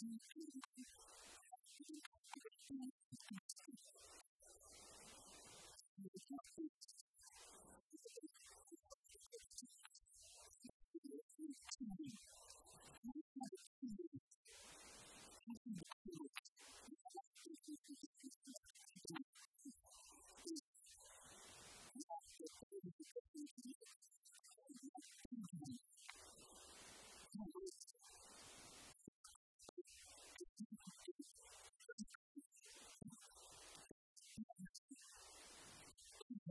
どうも。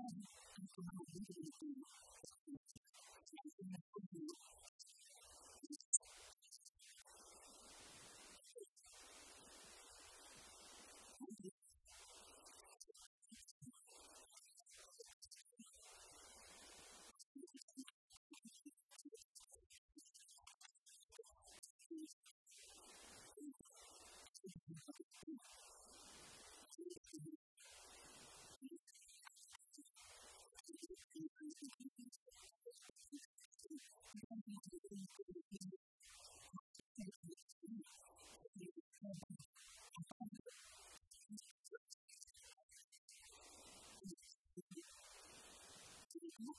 Thank you. You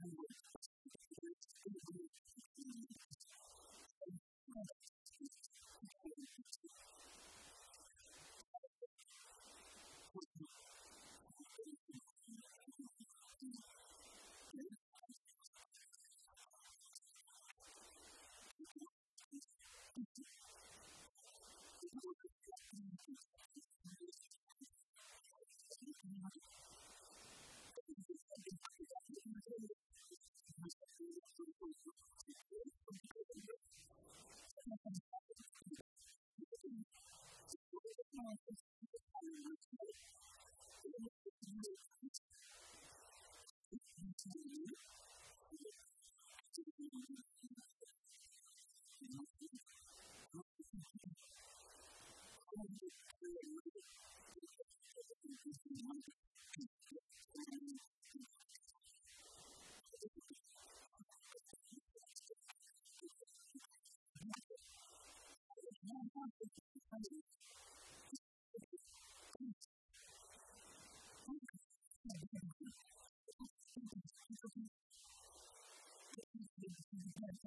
Thank you.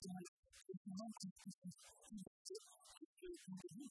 Thank you.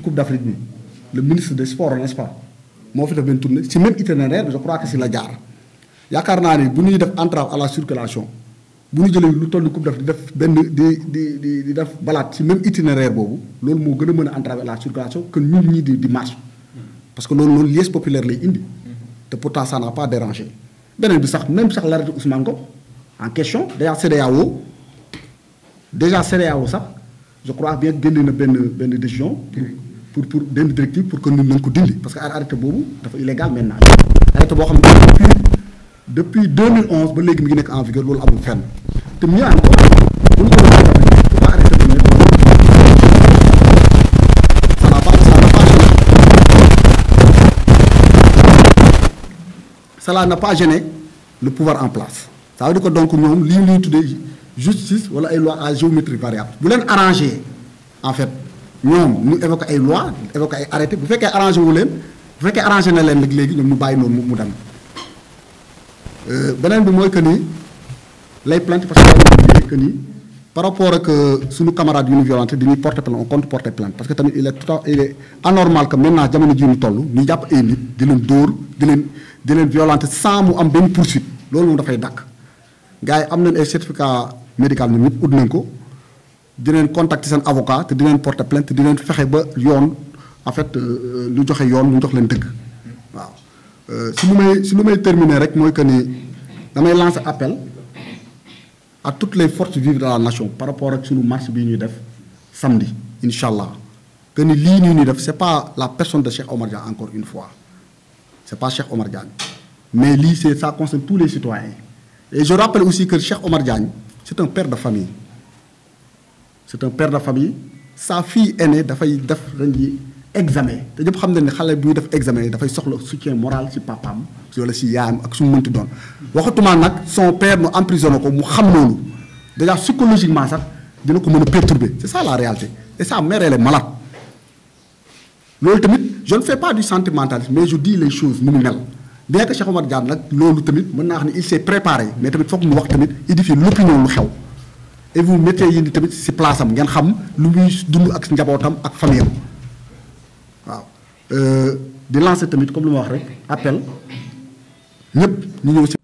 Coupe d'Afrique le ministre des sports n'est-ce pas moo fi def benn si même itinéraire je crois que si la jaar yaakaar naa ne bu ñuy def entrave à la circulation bu ñu jëlee lu toll ni coupe def di def benn di di di di def balaat si même itinéraire boobu loolu moo gën a mën a entraver la circulation que ñun ñii di di marche parce que loolu loolu liesse populaire lay indi te pourtant ça n'a pas dérangé beneen bi sax même sax l'arrêté Ousmane Ngom en question déjà CEDEAO déjà CEDEAO sax je crois bien génne na benn benn décision pour pour des directive pour que nous nous ko parce que arrêté boobu dafa illégal maintenant arrêté boo xam depuis depuis 2011 ba léegi mi ngi en vigueur loolu amul fenn te mieux encore bu ça n'a pas gêné le pouvoir en place ça veut dire que donc nous, li ñuy de justice wala ay loi à géométrie variable bu leen arrangé en fait ñoom ñu évoqué ay loi évoqué ay arrêté bu fekkee arrangé wu leen bu fekkee arrangé na leen nag léegi ñoom ñu bàyyi noonu mu dem euh, beneen bi mooy que ni lay plainte parce que que ni par rapport ak euh, suñu camarades yu ñu violenté dañuy porter plainte on compte porter plainte parce que tamit il est tout il est anormal que maintenant jamono ji ñu toll ñu jàpp ay nit di leen dóor di leen di leen violenté sans mu am benn poursuite loolu moom dafay dàkk gars yi am nañ ay certificat médical ñoom ñëpp ut nañ ko di leen contacter un avocat te di porter plainte di leen ba yoon en fait euh, euh, lu joxe yoon euh, lu jox si nous may si lu may terminer rek moy que ni damay lancer appel à toutes les forces vives de la nation par rapport ak sunu marche nous ñuy def samedi inshallah. que ni li def c'est pas la personne de Cheikh Omar Diagne, encore une fois c'est pas Cheikh Omar Diagne mais li c'est ça concerne tous les citoyens et je rappelle aussi que Cheikh Omar Diagne c'est un père de famille c'est un père de famille sa fille aînée dafay def ren jii examen te ñëpp xam na ne xale buy def examen yi dafay soxla soutien moral ci papaam wala ci yaayam ak su mu mënti doon waxatuma nag son père mu emprisonné ko mu xam loolu déjà psychologiquement ça, dina ko mën perturber c'est ça la réalité et sa mère elle est malade loolu tamit je ne fais pas du sentimentalisme mais je dis les choses nominales. mu bien que Cheikh Omar Diane, nag loolu tamit mën naa il s'est préparé mais tamit faut mu wax tamit édifier l'opinion lu xew et vous mettez yi tamit si place ngeen xam lu muy dund ak njabootam ak famille am waaw euh, di lancer tamit comme lu ma wax rek appel ñëpp ñu ñëw si